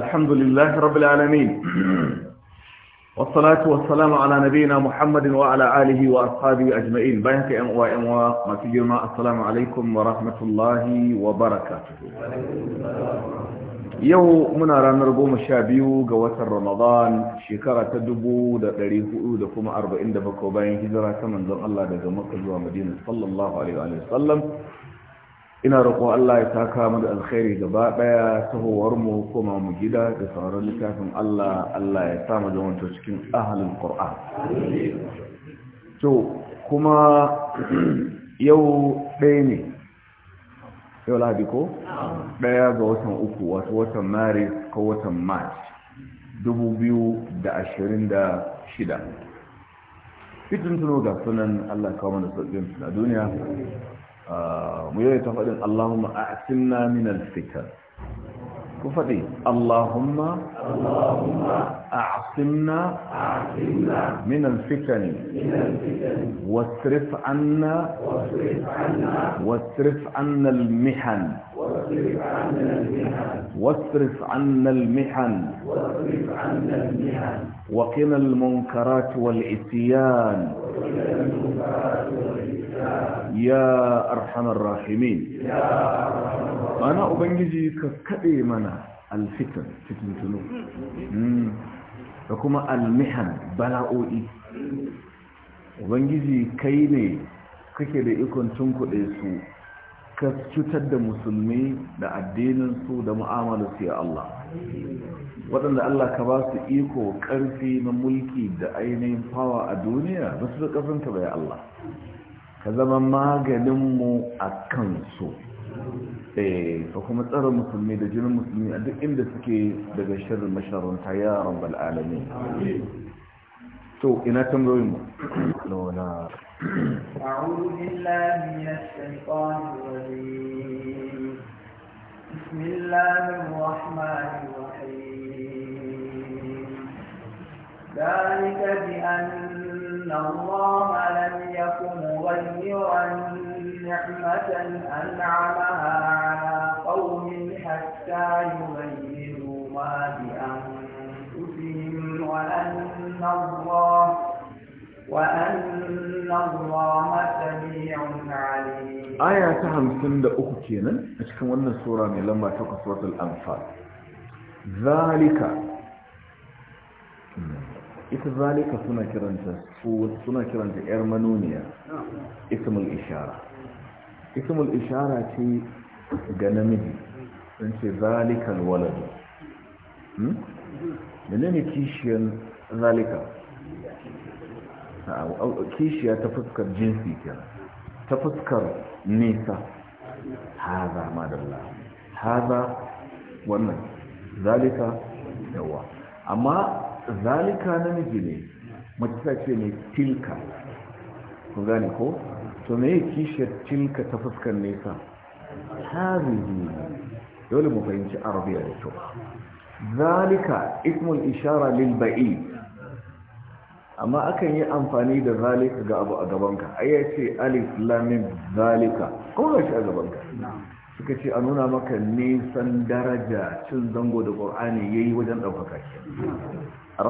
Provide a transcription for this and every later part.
الحمد لله رب العالمين والصلاة والسلام على نبينا محمد وعلى آله وأصحابه أجمعين بيانك أم وأم وما السلام عليكم ورحمة الله وبركاته يو منا رانرغو مشابيو قوات رمضان شكرة تدبو دقريه أودكم أربعين دفكو باين هزرة ذن الله دقمقل ومدينة صلى الله عليه وسلم ina roƙon Allah ya saka mu da alkhairi gaba daya tahowar mu koma mu gida da sauran littafin Allah Allah ya sa mu da wanto cikin ahlul qur'an to kuma yau ɗaya ne yau ladi ko ɗaya ga watan uku wato watan maris ko watan march 2026 fitin tuno ga sunan Allah kawo mana sauƙin a duniya آه، يعني اللهم أعتنا من الفتن كفتي اللهم أعصمنا من الفتن واصرف عنا واصرف عنا المحن واصرف عنا المحن واصرف عنا المحن وقنا المنكرات والاتيان يا أرحم الراحمين أنا أبنجي ككئي منا الفتن فتن تنو وكما المحن بلاؤي أبنجي كيني kake da ikon tunkuɗe su ka cutar da musulmi da addininsu da mu'amalarsu ya Allah waɗanda Allah ka ba su iko ƙarfi na mulki da ainihin fawa a duniya ba su da ƙafinka ba Allah ka zama maganinmu a kansu eh, ka kuma tsara musulmi da jinin musulmi a duk inda suke daga shirin masharanta yaran bal'alami to ina tambayoyinmu launa أعوذ بالله من الشيطان الرجيم بسم الله الرحمن الرحيم ذلك بأن الله لم يكن مغيرا نعمة أنعمها hamsin da uku kenan a cikin wannan sura mai lamba takwas watul anfal zalika ita zalika suna kiranta suna kiranta yar manoniya ismul ishara ismul ishara ce ga namiji don ce zalikan waladu hmm? menene kishiyan zalika kishiya ta fuskar jinsi kenan ta fuskar nisa haza madalla haza wannan zalika yawa amma zalika namiji ne mace ce ne tilka ku gane ko to me kishiyar tilka ta fuskar nisa hazihi dole mu fahimci arabiya da kyau zalika ismul ishara lil ba'id amma akan yi amfani da zalika ga abu a gabanka ai ya ce zalika kuma ga shi a gabanka suka ce a nuna maka nisan daraja cin zango da ƙor'ani ya yi wajen ɗaukaka shi a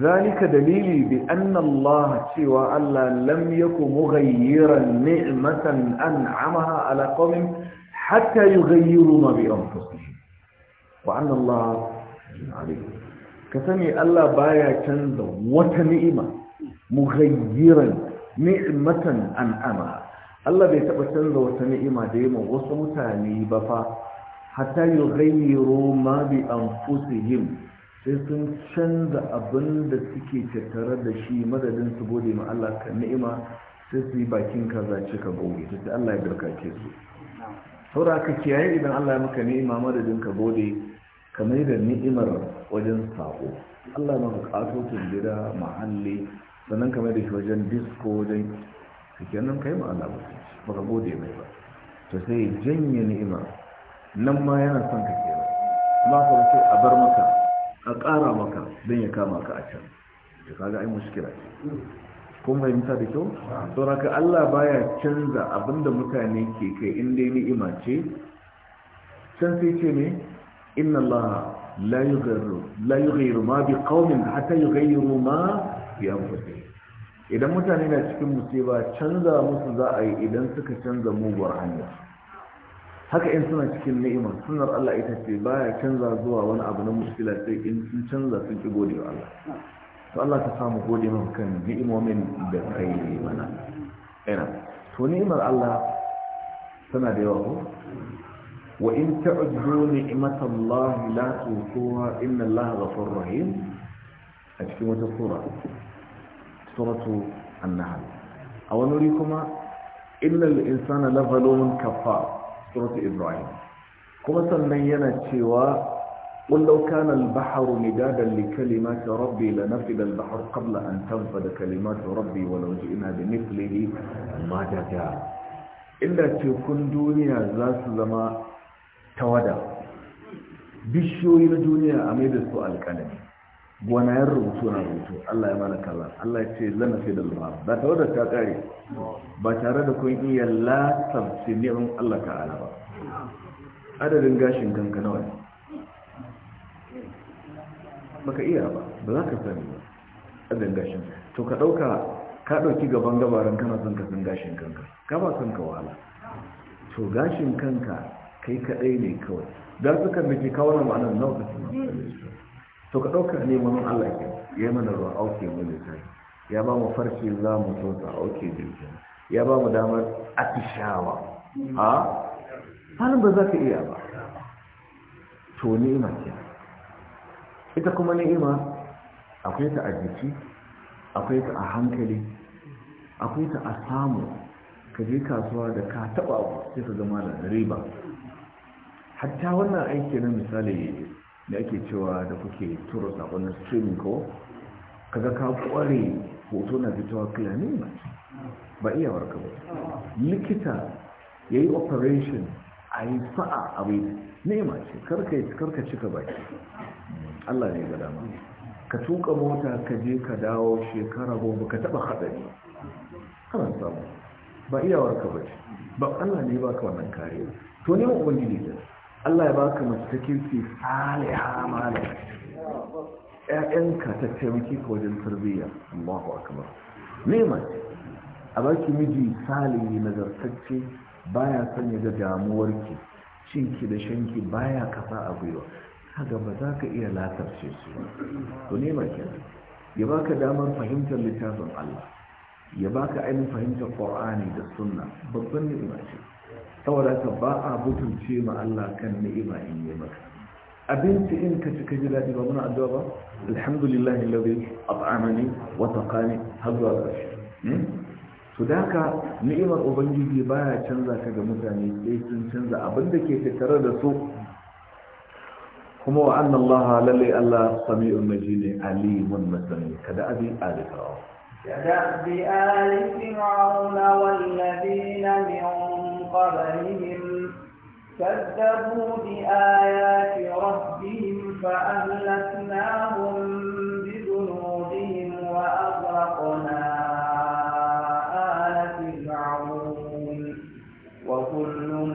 zalika dalili bi annallah cewa allah lam yaku mughayyiran ni'matan an'amaha ala qaumin hatta yughayyiru ma bi anfusihim wa alim ka sani Allah baya canza wata ni'ima mughayyiran ni'matan an'ama Allah bai taba canza wata ni'ima da yayin wasu mutane ba fa hatta yughayyiru ma bi anfusihim sai sun canza abin da suke tattare da shi madadin su gode ma Allah kan ni'ima sai su yi bakin kaza cika goge sai Allah ya barkace su saura ka kiyaye idan Allah ya maka ni'ima madadin ka gode kamar da ni'imar wajen sako allah na bukatotin gida mahalli sannan kamar da shi wajen disko wajen suke nan kai ma'ana allah ba ka gode mai ba to sai janye ni'imar nan ma yana son ka ke ba ka sai a bar maka a ƙara maka don ya kama ka a can da kaga ai mushkila ce kun fahimta da kyau ka Allah baya canza abinda mutane ke kai inda ni'ima ce can sai ce ne inna Allah la yughayyiru la yughayyiru ma bi qaumin hatta yughayyiru ma idan mutane na cikin musiba canza musu za a yi idan suka canza muguwar hanya haka in suna cikin ni'ima sunar Allah ita ce baya canza zuwa wani abu na musila sai in sun canza sun ki gode wa Allah to Allah ta samu gode maka kan ni'imomin da kai mana ina to ni'imar Allah tana da yawa ko وإن تعدوا نعمة الله لا توفوها إن الله غفور رحيم أتكلم سورة سورة النحل أو نريكما إن الإنسان لظلوم كفار سورة إبراهيم كما سنينا سوى قل لو كان البحر مدادا لكلمات ربي لنفد البحر قبل أن تنفد كلمات ربي ولو جئنا بمثله مددا إلا تكون دنيا ذات زمان tawada bishiyoyi na duniya a mai da su gwana gwanayen rubutu na rubutu Allah ya mana kalla Allah ya ce lana fi da lura ba tare da ta kare ba tare da kun iya latar sinirin Allah ta'ala ba adadin gashin kanka nawa ne baka iya ba ba za ka sani ba adadin gashin to ka ɗauka ka ɗauki gaban gabarin kana son ka san gashin kanka ka ba son ka wahala to gashin kanka kai kadai ne kawai dan suka miki kawo nan ma'anar nan ka to ka dauka ne mun Allah ke ya mana ruwa auke mu ne ya ba mu farce za mu so ta auke jirgin ya ba mu damar atishawa ha halin ba za ka iya ba to ni'ima ce ita kuma ni'ima akwai ta a jiki akwai ta a hankali akwai ta a samu ka je kasuwa da ka taba abu sai ka zama da riba hatta wannan aiki na misali da ake cewa da kuke turo sakonin streaming ko kaga ka kware hoto na fitowa cleaning ba ba iya warka ba likita ya yi operation a yi sa'a a bai nema ce karka cika baki allah ne ga dama ka tuka mota ka je ka dawo shekara goma ka taba haɗari ana samu ba iya warka ba ce ba allah ne ba ka wannan kare to neman ubangiji ne Allah ya baka mace ta saliha mala ta taimaki ka wajen tarbiyya Allahu akbar a baki miji salihi nazartacce baya son ya ga damuwarki cinki da shanki baya kasa a gwiwa haka ba za ka iya latarce su to nema kenan ya baka damar fahimtar littafin Allah ya baka ainihin fahimtar Qur'ani da Sunna babban ni'ima ce saboda ka ba a butulce ma Allah kan ni'ima in yi maka abinci in ka ci ka ji daɗi ba muna addu'a ba alhamdulillah alladhi at'amani wa taqani hazwa bashi hmm? to da ka ni'imar ubangiji baya canza ka ga mutane sai sun canza abin da ke tattare da su kuma wa annan Allah lalle Allah sami'un majid alimun masani kada abi alifarawa kada bi alifin wa'una wallazina min قبلهم كذبوا بآيات ربهم فأهلكناهم بذنوبهم وأغرقنا آل فرعون وكل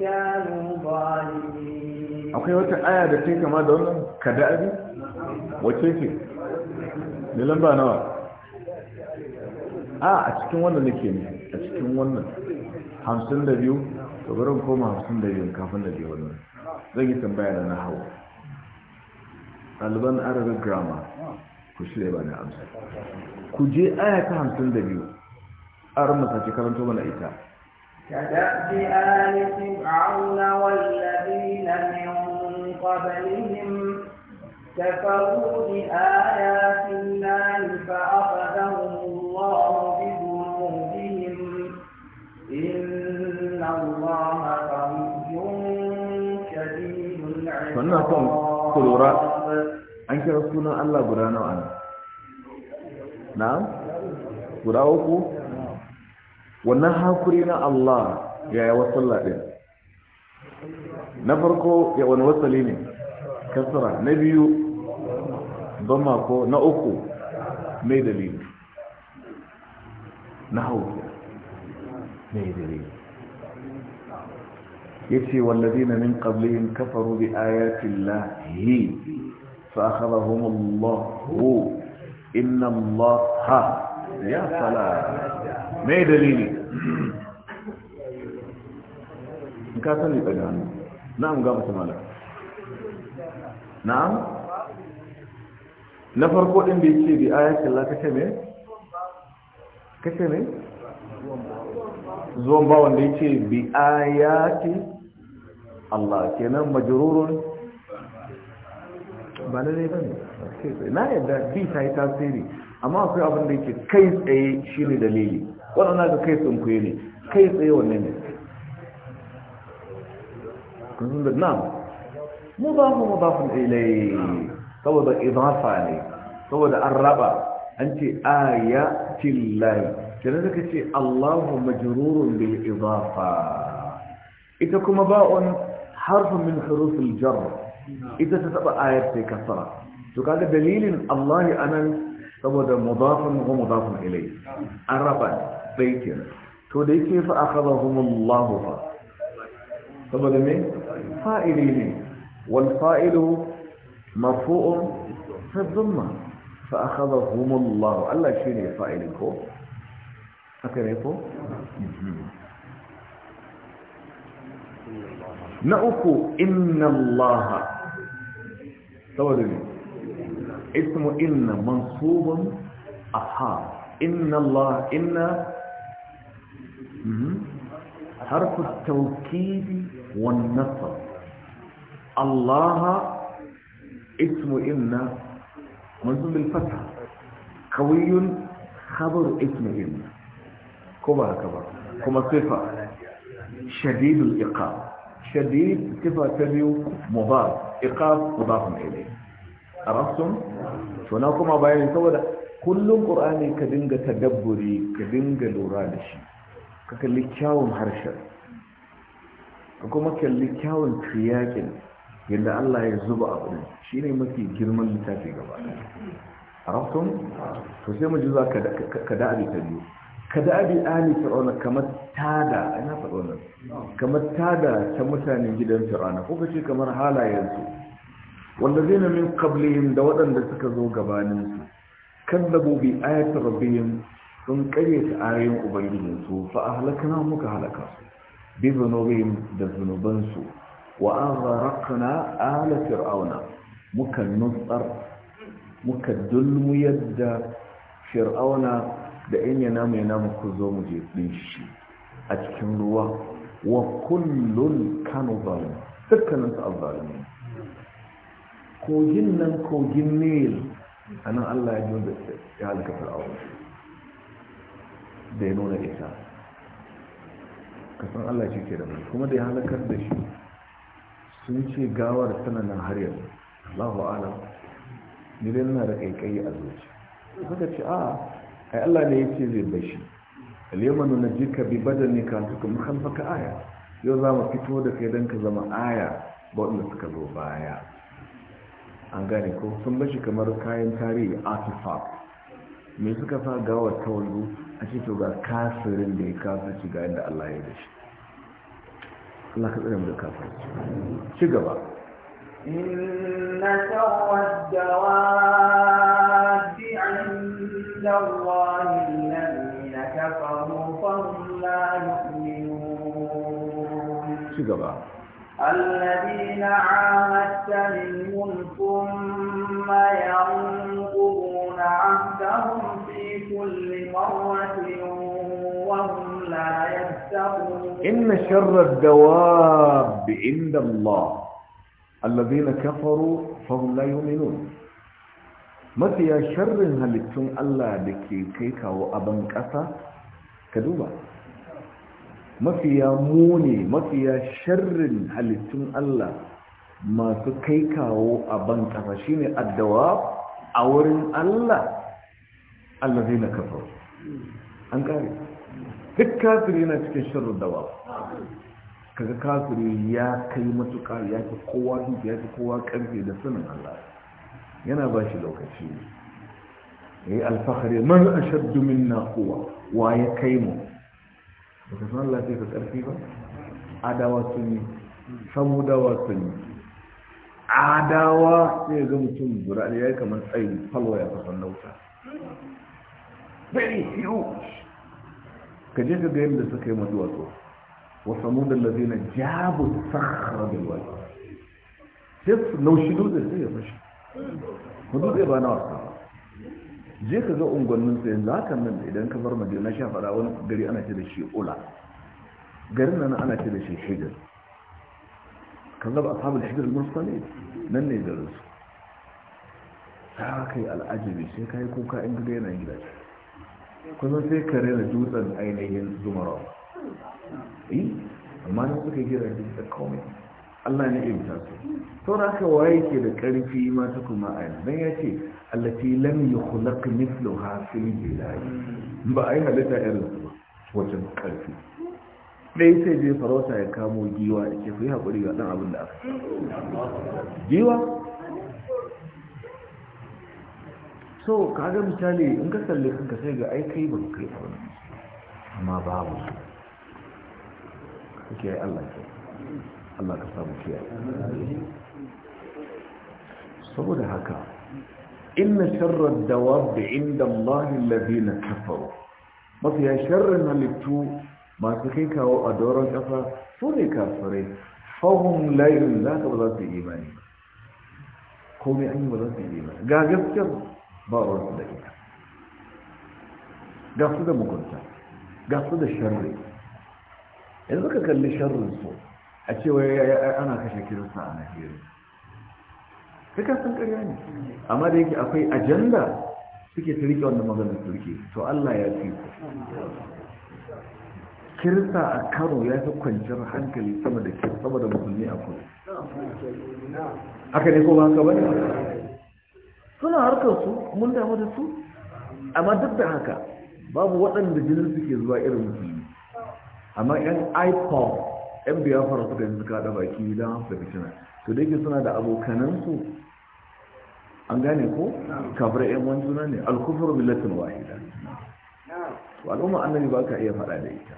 كانوا ظالمين. أخي وتا آية دتيك ما دون كدأبي وتيكي a cikin wannan nake ne a cikin wannan hamsin da biyu to bari koma hamsin da biyu kafin da biyu wannan zan yi tambaya da na hau ɗaliban arabic grammar ku shirya ba na amsa ku je aya ta hamsin da biyu an rumasa ce karanto mana ita كدأب آل فرعون والذين من قبلهم كفروا بآيات الله فأخذ ina son ku an kira sunan Allah guda nawa ne na'am guda uku wannan hakuri na Allah ya yi wasalla din na farko ya wani wasali ne kasara na biyu don ko na uku mai dalili na hau mai dalili yace wallazina min qablihim kafaru bi ayati llahi fa akhadhahum Allahu inna Allaha ya sala me dalili in ka sani daga hannu na'am ga mutum malaka na'am na farko din da yace bi ayati llahi kace me kace me zuwan bawan da yace bi ayati Allah kenan majrurun ba ne lalle bane na yadda bi ta yi tasiri amma akwai abin da yake kai tsaye shine dalili wannan ga kai tsunkuye ne kai tsaye wanne ne kun da mu mudafu mudafun ilai saboda idafa ne saboda an raba an ce Aya lahi kenan suka ce Allahu majrurun bil idafa ita kuma ba'un harfin min hurufin jar ita ta taba ayar sai kasara to kaga dalilin Allah anan saboda mudafin wa mudafin ilai Araban, baitin to da yake fa akhadahumullahu fa saboda me fa'ili ne wal fa'ilu marfu'un fi dhamma fa akhadahumullahu Allah shine fa'ilin ko haka ne ko mhm. na uku inna allaha saboda ne ismu inna mansubun aha inna allah inna harfu taukidi wan nasab allaha اسم إن منصوب بالفتح قوي خبر اسم إن كبر كبر كما صفة shadidul iqab shadid sifa ta biyu mudaf iqab mudaf ilayhi arabtum na kuma bayani saboda kullum qur'ani ka dinga tadabburi ka dinga lura da shi ka kalli kyawun harshen ka kuma kalli kyawun tiyakin yadda Allah ya zuba abu shi ne mafi girman littafi gaba arabtum to sai mu ji za da ta biyu Kada abi ali fir'auna kamar tada kamar tada ta mutanen gidan fir'auna ko kace kamar halayensu wanda zaina min qablihim da waɗanda suka zo gabanin su kadzabu bi ayati rabbihim sun kare ta ayoyin ubangijin su fa ahlakna muka halaka su bi zunubihim da zunuban su wa aghraqna ala fir'auna muka nutsar muka dulmu da fir'auna da in ya mu ya namu ku zo mu je ɗin shi a cikin ruwa wa kullun kanu zalim dukkanin su azzalimi kogin nan kogin nil a nan allah ya nuna ya halaka fir'aun da ya nuna ita kasan allah ya ke da mai kuma da ya halakar da shi sun ce gawar sananan har yanzu allahu alam ni dai na da kaikayi a zuci suka ce a ai Allah ne ce zai bashi al nuna jika bi badanika tukum khalfaka aya yau za mu fito da kai dan ka zama aya ba wanda suka zo baya an gane ko sun bashi kamar kayan tarihi artifact me suka sa gawar ta a ce to ga kafirin da ya kasa ga yadda Allah ya bashi Allah ka mu da kasar ci gaba إن sawar dawa الله الذين كفروا فهم لا يؤمنون الذين عاهدت منهم ثم ينقضون عهدهم في كل مرة وهم لا يتقون إن شر الدواب عند الله الذين كفروا فهم لا يؤمنون mafiya sharrin halittun Allah da ke kai kawo abin ƙasa ka duba mafiya muni mafiya sharrin halittun Allah masu kai kawo a ƙasa shi ne addawa a wurin Allah Allah zai na kafa an ƙari duk kafiri yana cikin sharrin dawa kaga kafiri ya kai matuƙa ya fi kowa duk ya fi kowa ƙarfe da sunan Allah yana ba shi lokaci ya yi alfahari man ashaddu minna kowa wa ya kai mu ba ka san Allah sai ka karfi ba adawa sun yi samudawa su yi adawa sai ga mutum guda ya yi kamar tsayin falwa ya fasan nauta very huge ka je ka ga yadda suka yi maduwatsu wasu mudan lazina jabu sakhra bilwali sai su naushi dutse sai ya fashi hudu zai ba na wasa je ka ga unguwannin sai yanzu ka nan idan ka bar madina sha faɗa wani gari ana ce da shi ula garin nan ana ce da shi shidar kan zaba shidar shigar ne nan ne garin su ta kai al'ajabi sai ka yi kuka in gida yana gida kuma sai ka rena dutsen ainihin zumarau eh, amma nan suka yi gida da komai Allah ne imta su saboda haka waye ke da ƙarfi ma kuma a yanzu dan ya ce allati lam yukhlaq mithluha fil bilad ba a yi halitta irin su ba wajen ƙarfi, dai sai je farauta ya kamo giwa da ke fi hakuri ga dan abin da aka giwa so ka kaga misali in ka salli kanka sai ga ai kai ban kai ba amma babu su kake Allah ke الله كسبوا فيها صبر هكا إن شر الدواب عند الله الذين كفروا ما في شر ما لبتو ما تكيك أو أدورا كفا فوني كافري فهم لا يلاك بذات إيمان كوني أي بذات إيمان قاقب كفر بارد لك قصد مكنتا قصد شر إذا كان لشر الصوت a cewa ana kashe kirista a najeriya ka sun karya ne amma da yake akwai ajanda suke ta rike magana maganar turki to allah ya fi kirista a kano ya fi kwanciyar hankali sama da sama da musulmi a kudu haka ne ko ba haka bane suna harkar su mun damu da su amma duk da haka babu waɗanda jinin suke zuwa irin musulmi amma yan ipod yan biyafara suka yi suka haɗa baki don hafsa fitina to da yake suna da abokanansu an gane ko kafar yan wani suna ne alkufar millatin wahida to al'umma annabi ba ka iya faɗa da ita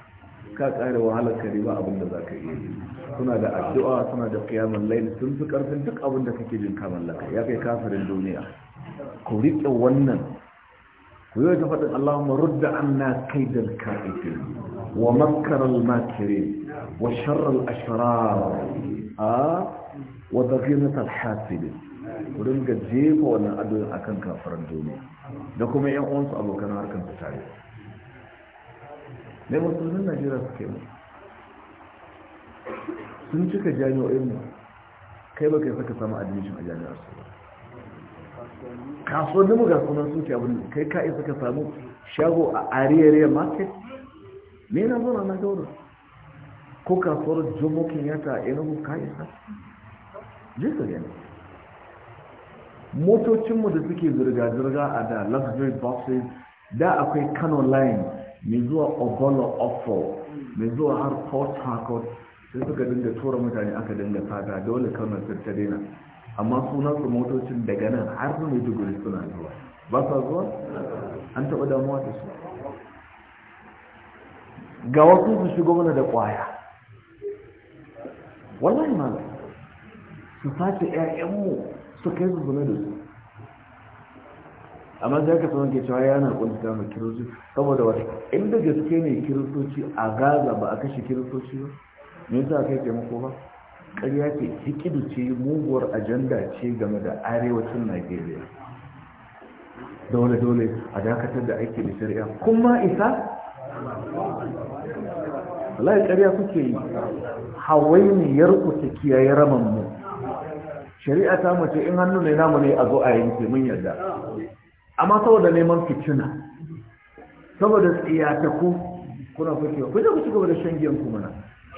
ka ƙare wahalar kare ba abin da za ka iya yi suna da addu'a suna da kiyamun laili sun fi ƙarfin duk abin da kake jin ka laka ya kai kafirin duniya ku riƙe wannan ku yi ta faɗin allahumma rudda anna kaidal kafifin wa makaral makirin وشر الأشرار وضغينة الحاسد ودن ga وانا أدوين أكن كافر الدنيا duniya da kuma أبو كان abokan harkar su tare ne musulmin najeriya suke mu sun cika jami'o'in mu kai ba kai saka samu admission a jami'ar su ba mu sunan sun ce abin kai ka isa ka samu shago a ariyar market me na zo na na gauru ko kasuwar jomokin yata a inugu ka isa ne motocinmu da suke zirga-zirga a da luxury boxes da akwai kano line mai zuwa obolo ofo, mai zuwa har port harcourt sai suka dinga tura mutane aka dinga fata dole kano ta daina amma suna su motocin daga nan har su mai duguri suna zuwa ba sa zuwa an taɓa damuwa da su ga wasu su shigo mana da ƙwaya wallahi malam su sace ƴaƴanmu su kai su da su amma sai aka sanar ke cewa yana kunta mai kiristoci saboda wata inda gaske ne kiristoci a gaza ba a kashe kiristoci ba me yasa aka yi taimako ba ƙarya ce hikidu ce muguwar ajanda ce game da arewacin najeriya dole-dole a dakatar da aiki da shari'a kuma isa? Allah ya ƙarya kuke yi hawainiyar ku ta kiyaye raman mu shari'a ta mace in hannu ne namu ne a zo a yanke mun yarda amma saboda neman fitina saboda tsiyataku kuna fitowa ku je ku ci gaba da shan giyan ku mana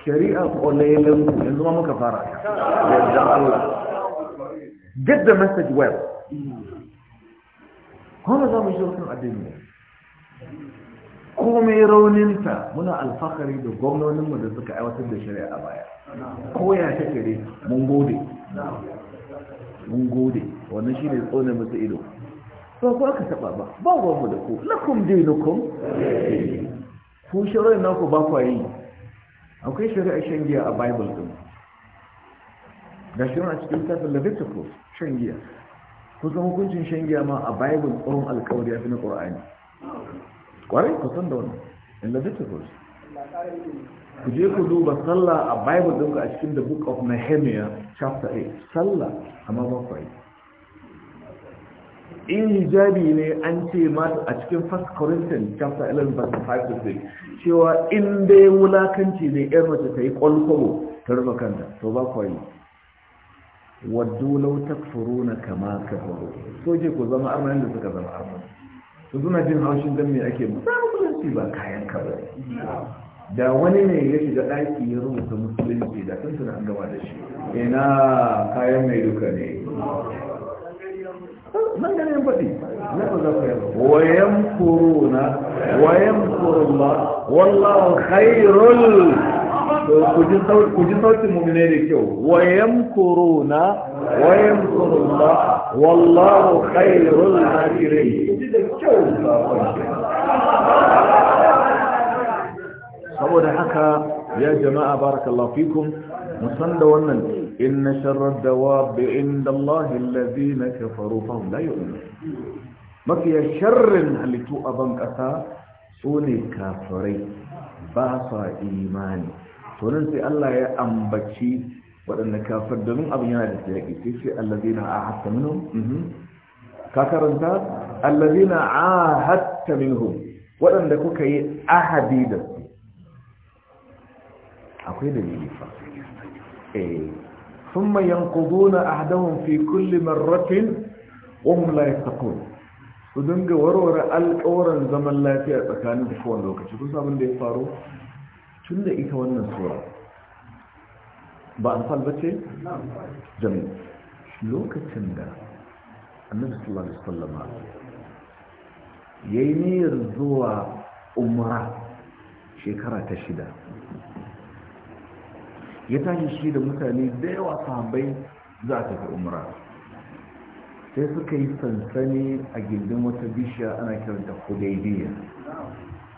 shari'a kwallon ku yanzu ma muka fara yarda Allah get the message well kuma za mu shi wasu addini komai rauninta muna alfahari da gwamnoninmu da suka aiwatar da shari'a a baya koya ta kare mun gode mun gode wannan shi ne tsone musu ido ba ku aka taba ba ba ruwanmu da ku lakum dinukum ku shari'a naku ba ku yi akwai shari'a shan giya a bible din Da shi a cikin tafin leviticus shan giya kusan hukuncin shan giya ma a bible tsoron alkawari ya fi na ƙur'ani kwarai ku san da wannan in leviticus ku je ku duba sallah a bible ɗinka a cikin the book of nehemiah chapter 8 sallah amma ba ku in hijabi ne an ce mata a cikin 1 corinthians chapter 11 verse 5 to 6 cewa in dai wulakanci ne yar mace ta yi kwalkwabo ta rufe kanta to ba ku yi waddu furu na kama kafaru so je ku zama arnan da suka zama arnan su suna jin haushin don me ake musulunci ba kayan ka ba da wani ne ya shiga ɗaki ya rubuta musulunci da sun suna an gama da shi ina kayan mai duka ne nan gane yin faɗi na ba za ku yi wayan kuruna wayan kurula wallahu khairul ku ji sautin mummune da kyau wayan kuruna wayan kurula wallahu khairul nakirai da kyau saboda haka ya jama'a barakallahu fikum musan da wannan inna sharar dawabi inda Allah allazina kafaru fahum la yu'minun mafiya sharrin halittu a ban kasa su ne kafirai ba sa imani to nan sai Allah ya ambaci waɗanda kafir domin abin yana da tsiraki sai sai allazina a hatta minhum ka karanta allazina ahadta minhum waɗanda kuka yi ahadi da su akwai dalili fa eh thumma yanquduna ahdahum fi kulli marratin wa hum la yattaqun su dinga warware alƙawarin zaman lafiya tsakanin da kowane lokaci kun samun da ya faru tun da ita wannan sura ba an salbace? jami'a lokacin da annabi sallallahu alaihi wasallam yayi niyyar zuwa umra shekara ta shida ya tashi shi da mutane da yawa sahabbai za a tafi umra sai suka yi sansani a gindin wata bishiya ana kiranta hudaibiyya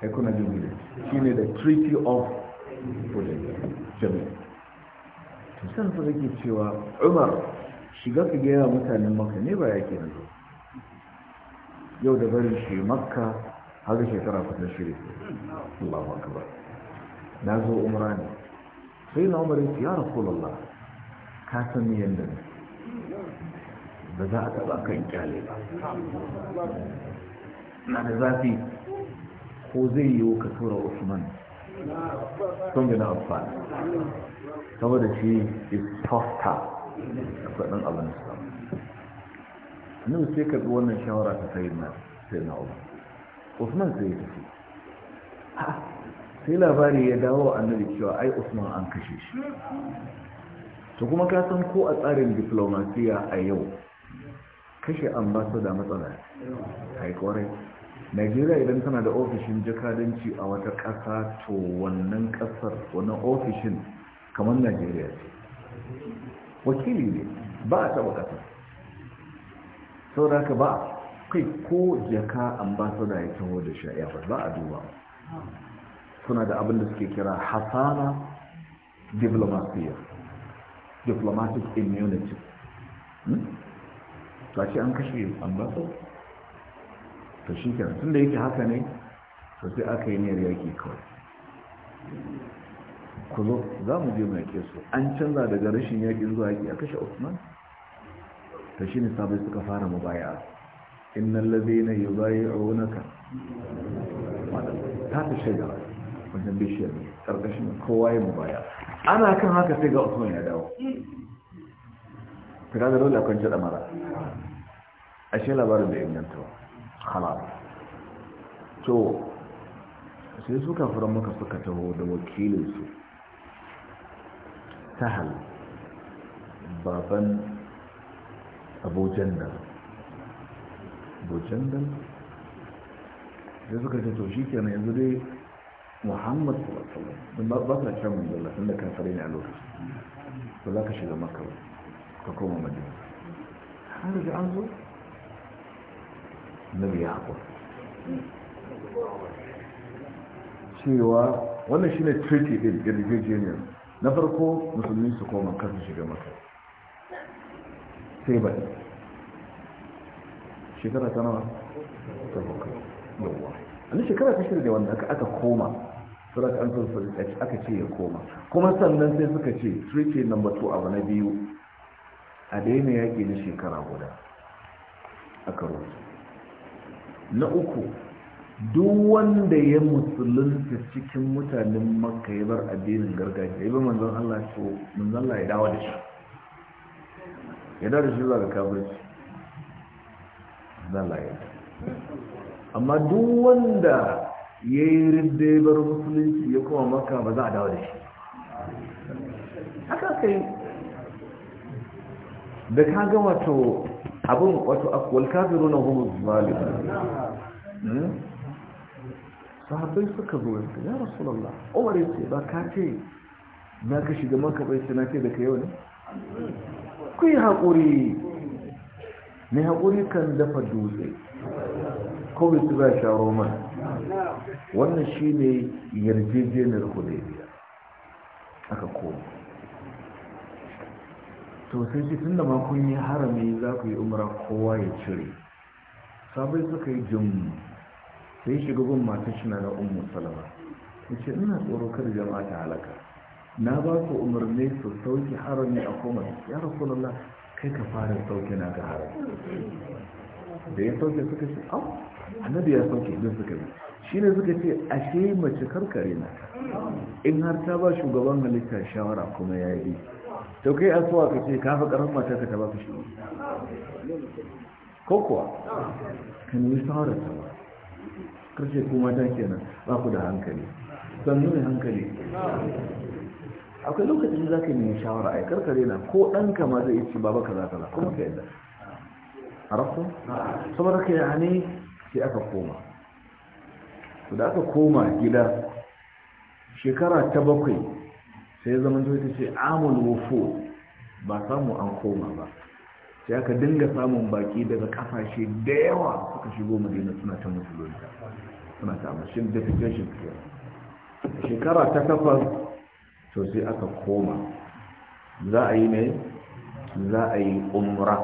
ya kuna jimila shi ne da treaty of hudaibiyya jami'a tusan su rike cewa umar shiga ka gaya mutanen makka ne ba yake na yau da barin shi makka har shekara kusan shirin Allahu akbar na zo umra ne sai na umar ya rasulullah ka san ni yanda ne ba za a taba kan kyale ba na da zafi ko zai yi ka tura usman sun gina amfani saboda shi is tough akwai ɗan abin sai karɓi wannan shawara ta usman sai ya tafi sai labari ya dawo annabi cewa ai usman an kashe shi to kuma ka san ko a tsarin diplomasiya a yau kashe ambasada matsala haikwarai Najeriya idan tana da ofishin jakadanci a wata ƙasa to wannan ƙasar wannan ofishin kamar Najeriya ce wakili ne ba a taɓa kasa sau da ba kai ko jaka ambasada ya taho da shaya ba a duba suna da abin da suke kira hasana diplomatiya diplomatic immunity ta hmm? ce an kashe ambasada to shi kenan tun da yake haka ne to sai aka yi ne yaki kawai ku zo za mu je mu yaƙe su an canza daga rashin yaƙi zuwa yaƙi a kashe usman ta shi ne sabai suka fara mu baya innan labe na yi bayi a wunaka ta ta shaga, wajen bishiyar ne ƙarƙashin kowa ya mu baya ana kan haka sai ga usman ya dawo ta kaga dole akwai jaɗa mara ashe labarin da inganta halal to sai suka furan maka suka taho da wakilinsu sahal baban abu jandal abu jandal da suka ce to shi kenan yanzu dai muhammad sallallahu alaihi ba ka kira mun dalla tun da kafare ne a lokacin ba za ka shiga maka ba ka koma madina har da an zo nabi ya haƙura cewa wannan shine treaty din yarjejeniyar na farko musulmi su koma kasu shiga maka sai bai shekara ta nawa ta bakwai yawwa a shekara ta shirya wanda aka koma surat an sulfur aka ce ya koma kuma sannan sai suka ce treaty number two abu na biyu a daina yaƙi na shekara guda aka rubuta na uku duk wanda ya musulunta cikin mutanen makka ya bar addinin gargajiya ya bi manzan Allah to manzan Allah ya dawo da shi ya dawo da shi zuwa ga kafirci manzon Allah ya amma duk wanda ya yi ridda ya bar musulunci ya koma makka ba za a dawo da shi haka kai da ka ga wato abin wato akwal kafiruna humus zalimun hmm? sahabbai suka zo yanzu ya lalla, umar ya ce ba ka ce na ka shiga maka bai suna ce da ka yau ne ku yi haƙuri ne haƙuri kan dafa dutse kawai su ba sha roman wannan shi ne yarjejeniyar hudaybiya aka koma sosai sai ce tun da makon yi harami za ku yi umara kowa ya cire sabai suka yi jin sai shiga gun matan shi na na salama ya ce ina tsoro kada jama'a ta halaka na ba ku umarni su sauki harami a koma ya rasulullah kai ka fara sauki na ga harami da ya sauke suka ce au annabi ya sauke idan suka bi shi ne suka ce ashe mace karkare na in har ta ba shugaban halitta shawara kuma ya yi to kai asuwa ka ce ka fi karan mata ka ta ba ku shi ko kuwa kan yi shawara ta ba karshe kuma ta kenan ba ku da hankali sannu ne hankali akwai lokacin za ka yi shawara a karkare na ko ɗan ma zai ci baba kaza kaza kuma ka yadda a rafu saboda ka yi sai aka koma su da aka koma gida shekara ta bakwai sai zaman ta ce amul wufu ba samu an koma ba sai aka dinga samun baki daga kafashe da yawa suka shigo madina suna ta musulunta suna ta amashin defecation care shekara ta takwas to sai aka koma za a yi ne za a yi umra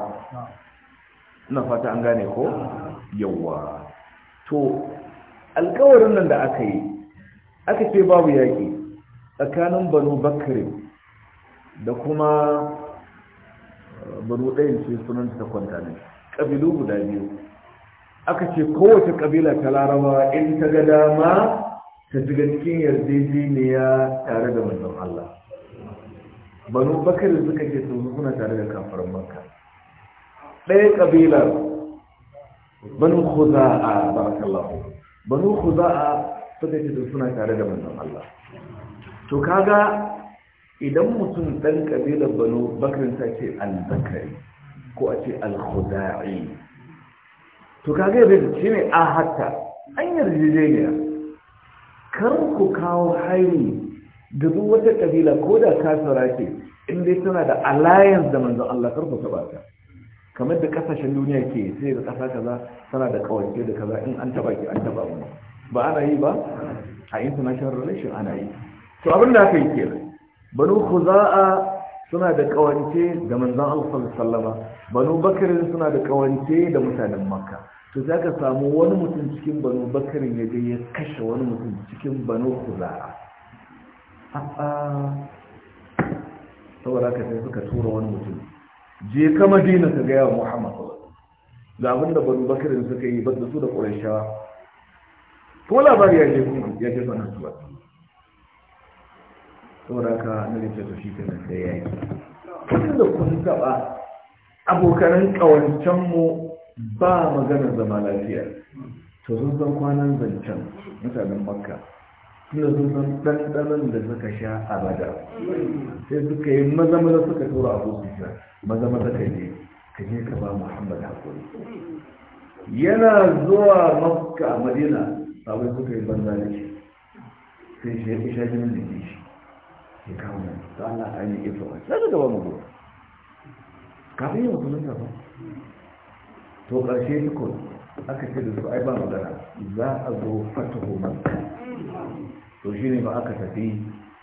ina fata an gane ko yawa to alkawarin nan da aka yi aka ce babu yaƙi tsakanin banu bakirin da kuma banu ɗayan ce sunan ta kwanta ne ƙabilu guda biyu aka ce kowace ƙabila ta larabawa in ta ga dama ta shiga cikin yarjejeniya tare da manzon Allah banu bakar suka ce su suna tare da kafar makka ɗaya ƙabilar banu khuza'a barakallahu banu khuza'a suka ce su suna tare da manzon Allah to kaga idan mutum ɗan ƙabilar banu bakirin ta ce al zakari ko a ce al-khuda'i to kage bai shi ne a haka an yarjejeniya kar ku kawo haini da duk wata ƙabila ko da kasara ce in dai tana da alliance da manzon Allah kar taɓa ta kamar da ƙasashen duniya ke sai da ƙasa kaza tana da kawance da kaza in an taɓa ki an taɓa mu ba ana yi ba a international relation ana yi to abin da aka yi kenan banu khuza'a suna da kawance da manzon Allah sallama banu bakr suna da kawance da mutanen makka to sai samu wani mutum cikin banu bakr ya je ya kashe wani mutum cikin banu khuza'a a'a saboda ka sai suka tura wani mutum je ka madina ka ga yawa muhammad da abinda banu bakr suka yi ba su da qurayshawa ko labari ya je kun ya je sanar su sauraka na rike su shi da sai ya yi kun da kun taɓa abokanan ƙawancenmu ba maganar zama lafiya to sun san kwanan zancen mutanen makka suna sun san ɗanɗanon da suka sha a bada sai suka yi maza maza suka tura abu maza maza ka je ka je ka ba muhammad hakuri yana zuwa makka madina abin suka yi banza da shi sai shi ya fi shajin da shi ya kawo da ta Allah ta yi ifa wa sai gaba mu gora kafin yau kuma gaba to ƙarshe ko aka ce da su ai ba magana za a zo fatahu makka to shine ba aka tafi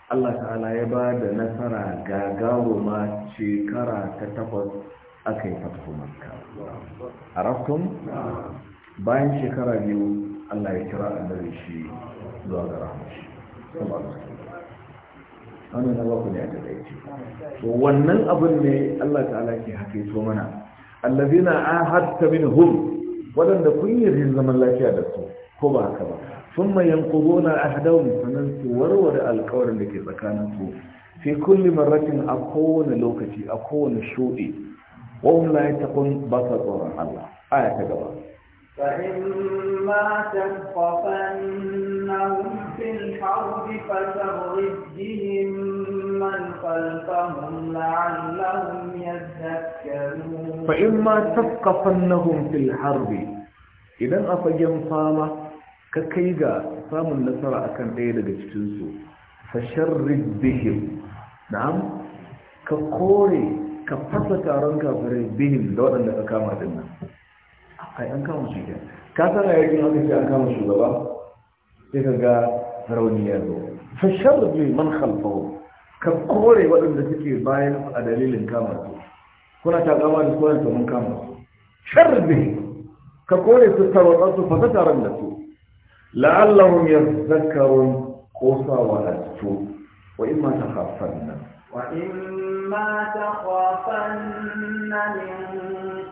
Allah ta'ala ya ba da nasara gagawo ma shekara ta takwas aka yi fatahu makka a raftun bayan shekara biyu Allah ya kira annabi shi zuwa ga rahmashi wannan na baku ne a takaice wannan abin ne Allah ta'ala ke hake so mana allazina ahadta minhum Waɗanda kun yi zaman lafiya da su ko ba haka ba sun mai yankuzo na ahadawun sannan su warware alkawarin da ke tsakanin su fi kulli marratin a kowane lokaci a kowane shuɗi wahum la yattaqun ba sa tsoron Allah aya ta gaba fa in ma فإما تثقفنهم في الحرب إذا أفجم صامة ككيغا صام النصر أكن إيدا جتنسو فشرد بهم نعم ككوري كفتك أرنك فري بهم دون أنك أكام أي أنك أمشيك كاتنا يجب أن يكون أنك أمشيك إذا قال فروني يدو فشرد من خلفهم ka kore waɗanda suke bayan a dalilin kama su kuna ta kama da koyar mun kama su sharri ka kore su tarwatsa su fasa taron da su la'allahum yazakkarun ko sa wadattu wa in ma nan. wa in ma takhafanna min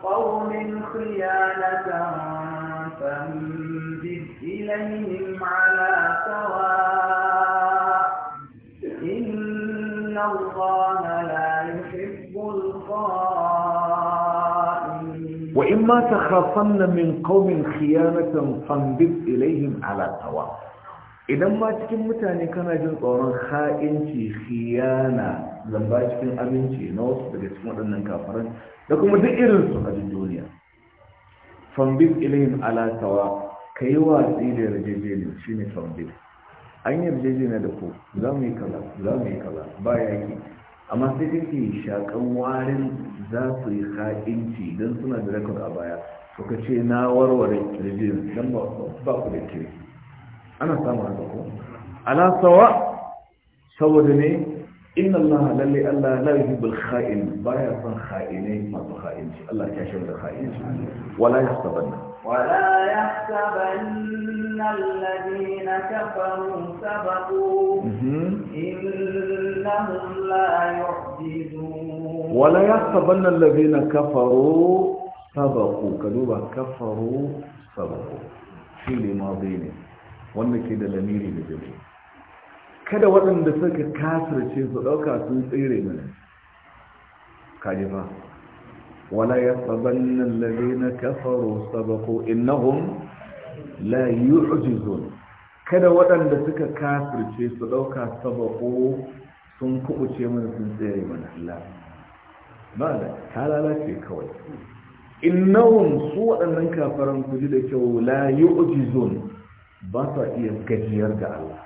qawmin khiyanatan fanbid ilayhim ala sawa وإما تخافن من قوم خيانة فانبت إليهم على سواء idan ma cikin mutane kana jin tsoron ha'inci khiyana zamba cikin aminci na wasu daga cikin waɗannan kafaran da kuma duk irinsu a duniya fambit ilayhim alatawa sawa kai watsi da yarjejeniya shine fambit an yarjejeniya da ku za mu yi kaza za mu yi kaza ba yaki amma sai kake shakan warin za su yi ha'inci don suna da rekod a baya ko ka ce na warware rijiyar don ba ku da ke ana samun haka ko ala sawa saboda ne إن الله للي الله لا يحب الخائن بايضا خائنين ما تخائن الله كاشر الخائن ولا يحسبن ولا يحسبن الذين كفروا سبقوا إنهم لا يحجزون ولا يحسبن الذين كفروا سبقوا كذوبة كفروا سبقوا في الماضين وانا كده لميري لجميل kada waɗanda suka kasirce su ɗauka sun tsere mana kaji fa wala ya saban nan lade na kafaro sabako innahun la yi kada waɗanda suka kasirce su ɗauka sabako sun kubuce mana sun tsere mana Allah ba da ta lalace kawai innahun su waɗannan kafaran ji da kyau la yi ba sa iya gajiyar da Allah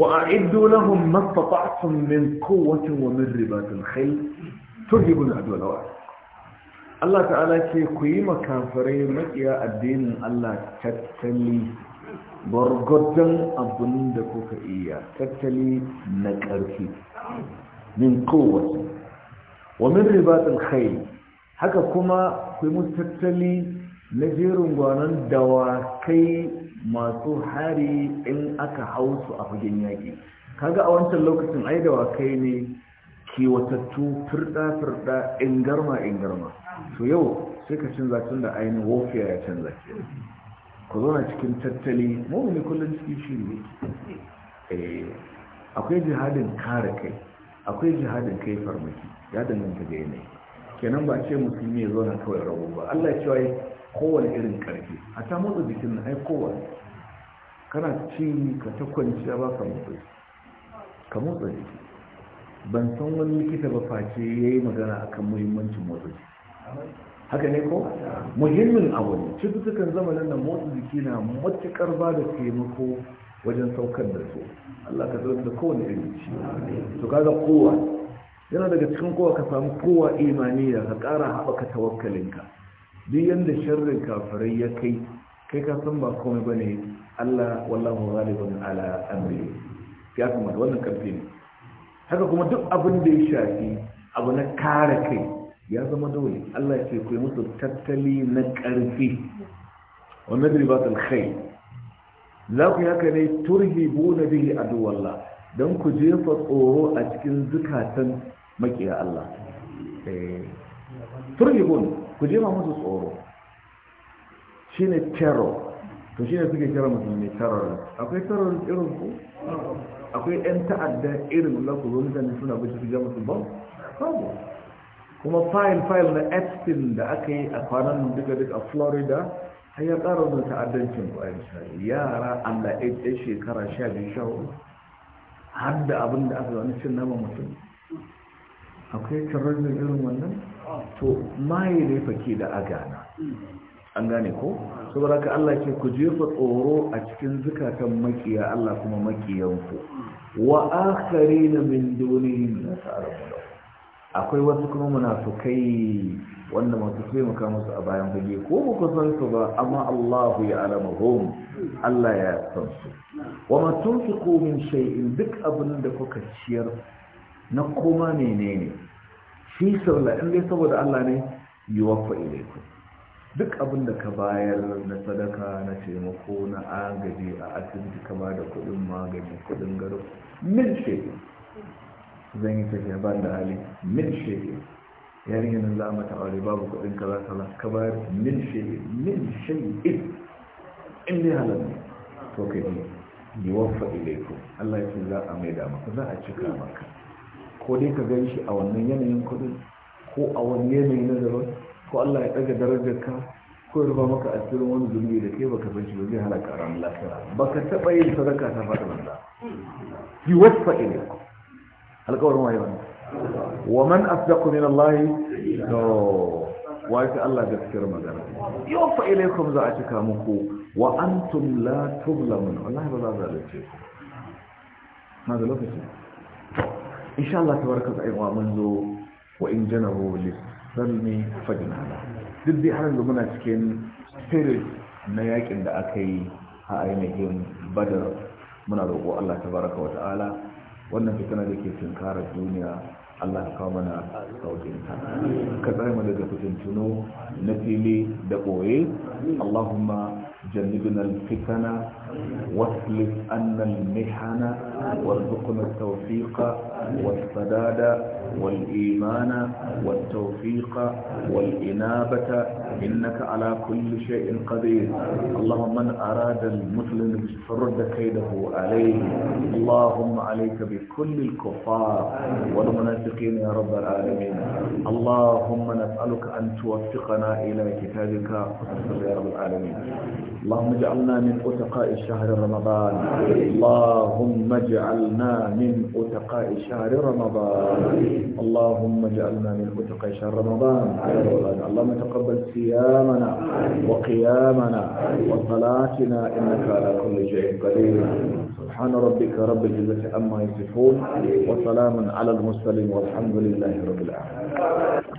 وأعدوا لهم ما استطعتم من قوة ومن رباط الخيل ترهبون عدو الأوعاد Allah ta'ala ce ku yi makafarai maƙiya addinin Allah tattali bargodon abin da kuka iya tattali na ƙarfi min kowace wa min ribatul kai haka kuma ku yi tattali na jerin gwanon dawakai masu hari in aka hau su a fagen yaƙi kaga a wancan lokacin ai da wakai ne kiwatattu firɗa-firɗa ingarma-ingarma to yau sai ka canza tun da ainihin wofiya ya canza ke ku zauna cikin tattali ne kullum cikin shiri ne eh, akwai jihadin kare kai akwai jihadin kai farmaki ya danganta da yanayi kenan ba ce musulmi ya zauna kawai rabu ba allah cewa kowane irin karfi a ta motsa jikin na kowane kana ci ka ta kwanciya ba ka motsa ka motsa jiki ban san wani likita ba face ya yi magana akan muhimmancin motsa jiki haka ne ko muhimmin abu ne cututtukan zamanin da motsa jiki na matukar ba da taimako wajen saukar da su Allah ka zo da kowane irin ciwo to kaga kowa yana daga cikin kowa ka samu kowa imaniya ka kara haɓaka tawakkalinka duk yadda sharrin kafirai ya kai kai ka san ba komai bane Allah wallahu ghalibun ala amri ya kuma wannan karfi ne haka kuma duk abin da ya shafi abu na kare kai ya zama dole Allah ya ce ku musu tattali na karfi wannan ribat alkhair za ku haka ne turhibuna bihi aduwallah don ku jefa tsoro a cikin zukatan makiya Allah eh. turhibuna ku ma musu tsoro ne terror to shi ne suke kira musulmi terrorist akwai terrorist irin ku akwai yan ta'adda irin da ku zo mutane suna bishi su jama su ba babu kuma file file na epstein da aka yi a kwanan duka duka a florida har ya ƙara zuwa ta'addancin ku a misali yara da ɗaya shekara sha biyu sha hudu har da abin da aka zaune cin nama mutum akwai tarar da irin wannan to maye ne fake da agana an gane ko saboda ka Allah ke ku jefa tsoro a cikin zukatan makiya Allah kuma makiyanku wa akharina min dunihim la ta'lamu akwai wasu kuma munafikai wanda masu taimaka musu a bayan fage ko ba ku san su ba amma Allah ya alama hum Allah ya san su wa ma tunfiqu min shay'in duk abin da kuka ciyar na koma menene shi saboda in dai saboda Allah ne yuwaffa ilaikum duk abin da ka bayar na sadaka na taimako na agaji a asibiti ka bada da kudin magani kudin garo min shege zan yi tafiya ban da hali min shege yarinyar nan za mu mata aure babu kudin kaza kaza ka bayar min shege min shege in dai halar ne to ka yi yi wafa ilaikum Allah ya ce za a mai dama za a cika maka ko dai ka gan shi a wannan yanayin kudin ko a wani yanayi na daban ko Allah ya ɗaga darajar ka ko ya rufa maka asirin wani zunubi da kai baka san shi ba zai halaka ran lafiya baka taɓa yin sadaka ta faɗa banza fi wasfa ila alƙawarin wani wannan wa man asdaqu min Allah to wa ta Allah gaskiyar magana yuwaffa ilaykum za a cika muku wa antum la tuzlamun wallahi ba za a zalunce ku ma da lokaci insha Allah tabaraka da wa mun zo wa in janahu lisalmi fajnana duk dai har da muna cikin spirit na yakin da aka yi a ainihin badar muna roƙo Allah tabaraka wa ta'ala wannan fitina da ke tunkarar duniya Allah ka kawo mana sautinka ka tsare daga fitintuno na fili da ɓoye Allahumma جنبنا الفتن واخلف عنا المحن وارزقنا التوفيق wasadada والإيمان والتوفيق والإنابة إنك على كل شيء قدير اللهم من أراد المسلم فرد كيده عليه اللهم عليك بكل الكفار والمنافقين يا رب العالمين اللهم نسألك أن توفقنا إلى كتابك يا رب العالمين اللهم اجعلنا من أتقاء شهر رمضان اللهم اجعلنا من أتقاء شهر رمضان اللهم اجعلنا من اتقى شهر رمضان اللهم تقبل صيامنا وقيامنا وصلاتنا انك على كل شيء قدير سبحان ربك رب العزه عما يصفون وسلام على المرسلين والحمد لله رب العالمين